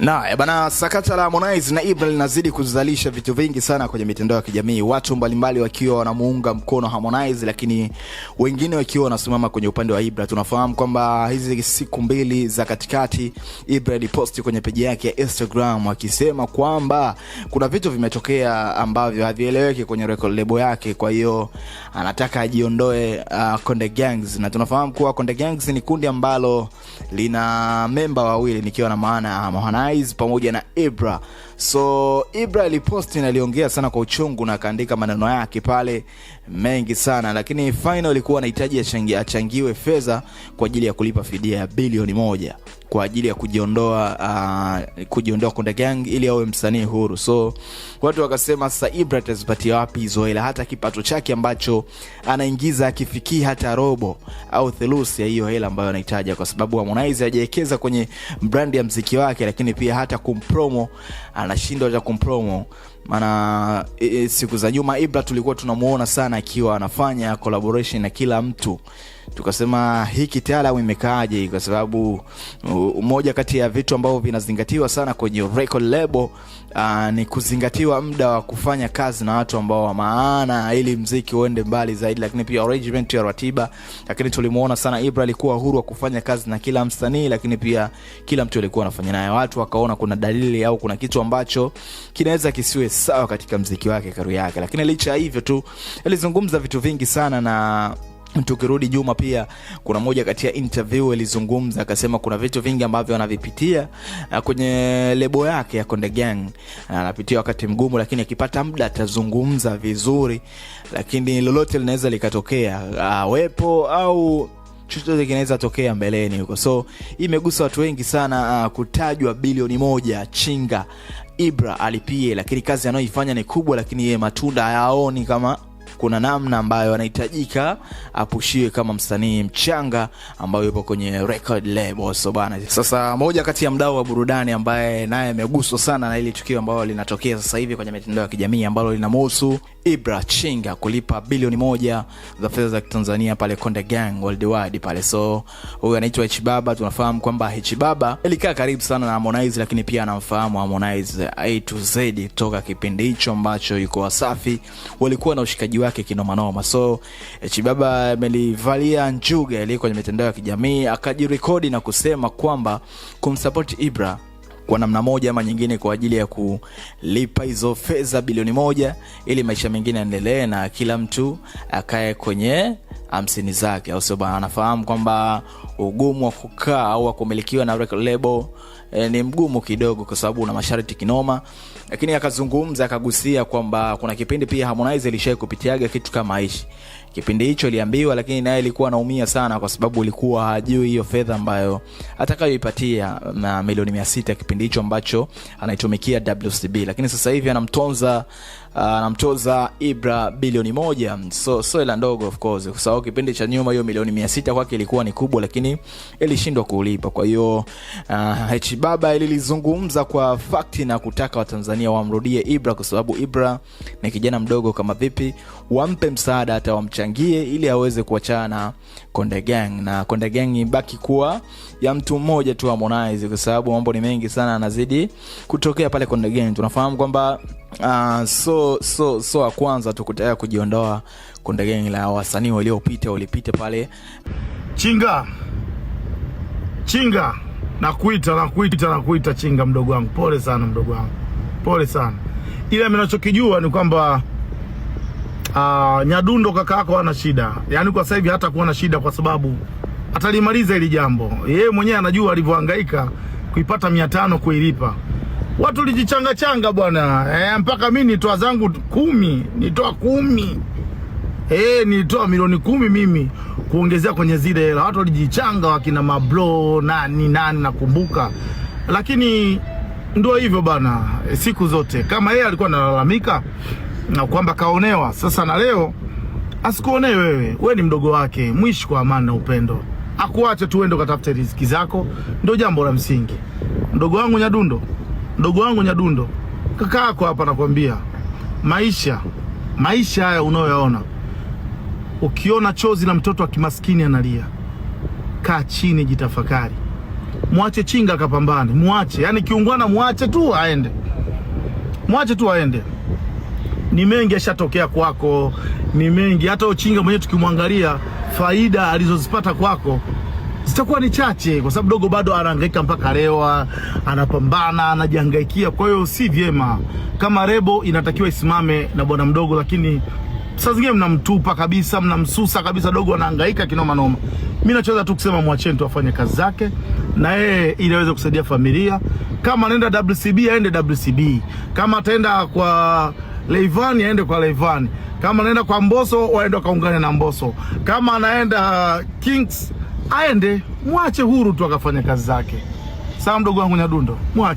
Na eh, bana, sakata la Harmonize na Ibra linazidi kuzalisha vitu vingi sana kwenye mitandao ya kijamii, watu mbalimbali wakiwa wanamuunga mkono Harmonize, lakini wengine wakiwa wanasimama kwenye upande wa Ibra. Tunafahamu kwamba hizi siku mbili za katikati, Ibra aliposti kwenye peji yake ya Instagram akisema kwamba kuna vitu vimetokea ambavyo havieleweki kwenye record label yake, kwa hiyo anataka ajiondoe uh, Konde Gangs, na tunafahamu kuwa Konde Gangs ni kundi ambalo lina memba wawili, nikiwa na maana Harmonize pamoja na Ebra So Ibra aliposti na aliongea sana kwa uchungu na akaandika maneno yake pale mengi sana, lakini final ilikuwa anahitaji achangi, achangiwe fedha kwa ajili ya kulipa fidia ya bilioni moja kwa ajili ya kujiondoa uh, kujiondoa Konde Gang ili awe msanii huru. So watu wakasema sasa Ibra tazipatia wapi hizo hela? Hata kipato chake ambacho anaingiza akifikii hata robo au thelusi ya hiyo hela ambayo anahitaji, kwa sababu Harmonize hajawekeza kwenye brandi ya mziki wake, lakini pia hata kumpromo ana anashindwa cha kumpromo maana e, e, siku za nyuma Ibra tulikuwa tunamuona sana akiwa anafanya collaboration na kila mtu tukasema hii kitaalamu imekaaje, kwa sababu moja kati ya vitu ambavyo vinazingatiwa sana kwenye record label uh, ni kuzingatiwa muda wa kufanya kazi na watu ambao wa maana, ili mziki uende mbali zaidi, lakini pia arrangement ya ratiba. Lakini tulimuona sana Ibra alikuwa huru wa kufanya kazi na kila msanii, lakini pia kila mtu alikuwa anafanya naye. Watu wakaona kuna dalili au kuna kitu ambacho kinaweza kisiwe sawa katika mziki wake, karu yake, lakini licha hivyo tu alizungumza vitu vingi sana na Tukirudi juma pia kuna moja kati ya interview alizungumza akasema kuna vitu vingi ambavyo anavipitia ah, kwenye lebo yake ya Konde Gang. Ah, anapitia wakati mgumu, lakini akipata muda atazungumza vizuri, lakini lolote linaweza likatokea, awepo ah, au chochote kinaweza tokea mbeleni huko. So imegusa watu wengi sana. Uh, kutajwa bilioni moja chinga Ibra alipie, lakini kazi anayoifanya ni kubwa, lakini yeye matunda hayaoni kama kuna namna ambayo anahitajika apushiwe kama msanii mchanga ambayo yupo kwenye record label. So bana, sasa moja kati ya mdau wa burudani ambaye naye ameguswa sana na ile tukio ambalo linatokea sasa hivi kwenye mitandao ya kijamii ambalo linamhusu Ibra Chinga kulipa bilioni moja za fedha za Tanzania pale Konde Gang Worldwide pale. So huyu anaitwa Hbaba, tunafahamu kwamba Hbaba alikaa karibu sana na Harmonize, lakini pia anamfahamu Harmonize A to Z toka kipindi hicho ambacho yuko Wasafi, walikuwa na ushikaji wake chake kinomanoma. So eh, Chibaba amelivalia njuga iliyo kwenye mitandao ya kijamii, akajirekodi na kusema kwamba kumsupport Ibra kwa namna moja ama nyingine kwa ajili ya kulipa hizo fedha bilioni moja ili maisha mengine yaendelee na kila mtu akae kwenye hamsini zake, au sio bwana? Anafahamu kwamba ugumu wa kukaa au wa kumilikiwa na record label eh, ni mgumu kidogo, kwa sababu una masharti kinoma lakini akazungumza akagusia kwamba kuna kipindi pia Harmonize ilishai kupitiaga kitu kama hichi. Kipindi hicho aliambiwa, lakini naye alikuwa anaumia sana, kwa sababu ilikuwa hajui hiyo fedha ambayo atakayoipatia na milioni mia sita kipindi hicho ambacho anaitumikia WCB, lakini sasa hivi anamtonza anamtoza ah, uh, Ibra bilioni moja. So so hela ndogo of course, kwa sababu kipindi cha nyuma hiyo milioni 600 kwake ilikuwa ni kubwa, lakini ilishindwa kulipa. Kwa hiyo uh, ah, H Baba ililizungumza kwa fact na kutaka Watanzania wamrudie Ibra, kwa sababu Ibra ni kijana mdogo kama vipi, wampe msaada hata wamchangie, ili aweze kuachana na Konde Gang na Konde Gang ibaki kuwa ya mtu mmoja tu, Harmonize, kwa sababu mambo ni mengi sana anazidi kutokea pale Konde Gang. Tunafahamu kwamba Uh, so so so wa kwanza tukutaka kujiondoa kunde geni la wasanii waliopita walipite pale. Chinga Chinga, nakuita nakuita nakuita Chinga, mdogo wangu, pole sana mdogo wangu, pole sana ile ninachokijua ni kwamba uh, Nyadundo kaka yako hana shida, yaani kwa sasa hivi hata kuwa na shida kwa sababu atalimaliza ili jambo. Yeye mwenyewe anajua alivyohangaika kuipata mia tano kuilipa watu lijichanga changa bwana e, mpaka mi nitoa zangu kumi, nitoa kumi e, nitoa milioni kumi mimi kuongezea kwenye zile hela. Watu walijichanga wakina mablo nani nani, nakumbuka, lakini ndio hivyo bwana, eh, siku zote kama yeye alikuwa analalamika na kwamba kaonewa sasa, na leo asikuonee wewe, wewe ni mdogo wake. Mwishi kwa amani na upendo, akuache tu uende ukatafute riziki zako, ndio jambo la msingi. Mdogo wangu Nyadundo dogo wangu Nyadundo, kaka yako hapa nakwambia, maisha maisha haya unayoyaona, ukiona chozi la mtoto wa kimaskini analia, kaa chini, jitafakari, mwache chinga akapambane, mwache yani kiungwana, mwache tu aende, mwache tu aende. Ni mengi ashatokea kwako, ni mengi hata uchinga mwenyewe tukimwangalia faida alizozipata kwako zitakuwa ni chache, kwa sababu dogo bado anahangaika mpaka leo, anapambana, anajihangaikia. Kwa hiyo si vyema kama Rebo inatakiwa isimame na bwana mdogo, lakini saa zingine mnamtupa kabisa, mnamsusa kabisa, dogo anahangaika kinoma noma. Mimi nachoweza tu kusema mwacheni tu afanye kazi zake, na yeye ili aweze kusaidia familia. Kama anaenda WCB aende WCB, kama ataenda kwa Leivani aende kwa Leivani, kama anaenda kwa Mboso waende wakaungane na Mboso, kama anaenda Kings aende, mwache huru tu akafanya kazi zake. Sawa, mdogo wangu Nyadundo, mwache.